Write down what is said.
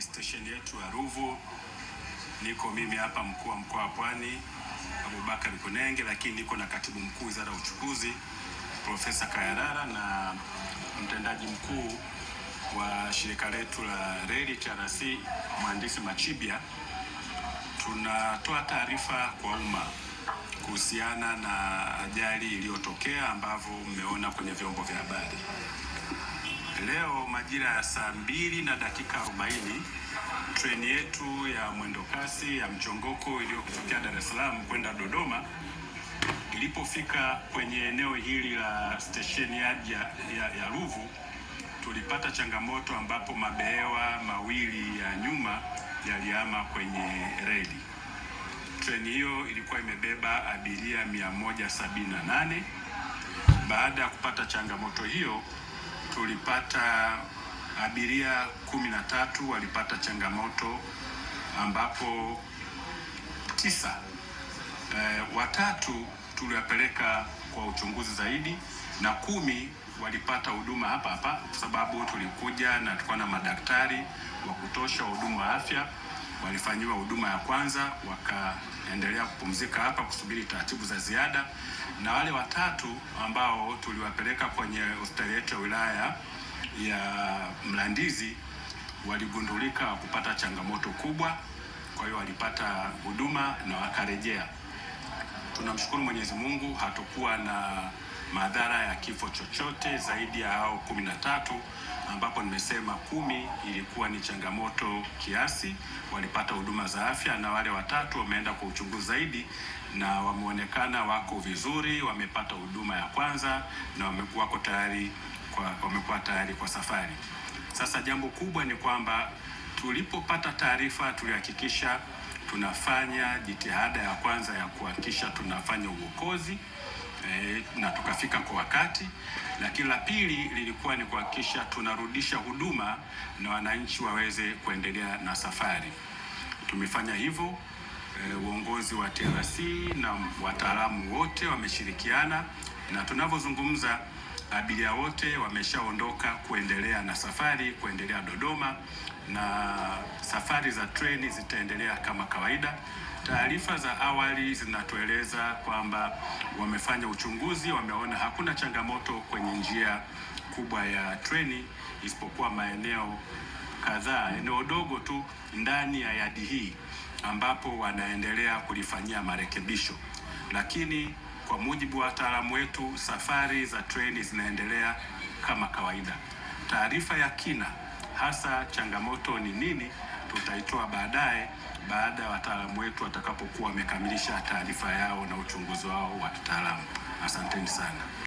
stesheni yetu ya Ruvu. Niko mimi hapa mkuu wa mkoa wa Pwani Abubakar Kunenge, lakini niko na katibu mkuu wizara ya uchukuzi Profesa Kayarara na mtendaji mkuu wa shirika letu la reli TRC mhandisi Machibia. Tunatoa taarifa kwa umma kuhusiana na ajali iliyotokea ambavyo mmeona kwenye vyombo vya habari. Leo majira ya saa mbili na dakika 40 treni yetu ya mwendokasi ya mchongoko iliyokutokea Dar es Salaam kwenda Dodoma ilipofika kwenye eneo hili la stesheni ya, ya, ya Ruvu tulipata changamoto ambapo mabehewa mawili ya nyuma yaliama kwenye reli. Treni hiyo ilikuwa imebeba abiria 178. Baada ya kupata changamoto hiyo tulipata abiria kumi na tatu walipata changamoto ambapo tisa e, watatu tuliwapeleka kwa uchunguzi zaidi na kumi walipata huduma hapa hapa, kwa sababu tulikuja na tulikuwa na madaktari wa kutosha, wahudumu wa afya, walifanyiwa huduma ya kwanza waka endelea kupumzika hapa kusubiri taratibu za ziada, na wale watatu ambao tuliwapeleka kwenye hospitali yetu ya wilaya ya Mlandizi waligundulika kupata changamoto kubwa, kwa hiyo walipata huduma na wakarejea. Tunamshukuru Mwenyezi Mungu hatukuwa na madhara ya kifo chochote zaidi ya hao kumi na tatu, ambapo nimesema kumi ilikuwa ni changamoto kiasi, walipata huduma za afya, na wale watatu wameenda kwa uchunguzi zaidi na wameonekana wako vizuri, wamepata huduma ya kwanza na wako tayari kwa, wamekuwa tayari kwa safari. Sasa jambo kubwa ni kwamba tulipopata taarifa tulihakikisha tunafanya jitihada ya kwanza ya kuhakikisha tunafanya uokozi e, na tukafika kwa wakati. Lakini la pili lilikuwa ni kuhakikisha tunarudisha huduma na wananchi waweze kuendelea na safari. Tumefanya hivyo. E, uongozi wa TRC na wataalamu wote wameshirikiana, na tunavyozungumza abiria wote wameshaondoka kuendelea na safari kuendelea Dodoma, na safari za treni zitaendelea kama kawaida. Taarifa za awali zinatueleza kwamba wamefanya uchunguzi, wameona hakuna changamoto kwenye njia kubwa ya treni isipokuwa maeneo kadhaa, eneo dogo tu ndani ya yadi hii ambapo wanaendelea kulifanyia marekebisho, lakini kwa mujibu wa wataalamu wetu, safari za treni zinaendelea kama kawaida. Taarifa ya kina hasa changamoto ni nini tutaitoa baadaye baada ya wataalamu wetu watakapokuwa wamekamilisha taarifa yao na uchunguzi wao wa kitaalamu. Asanteni sana.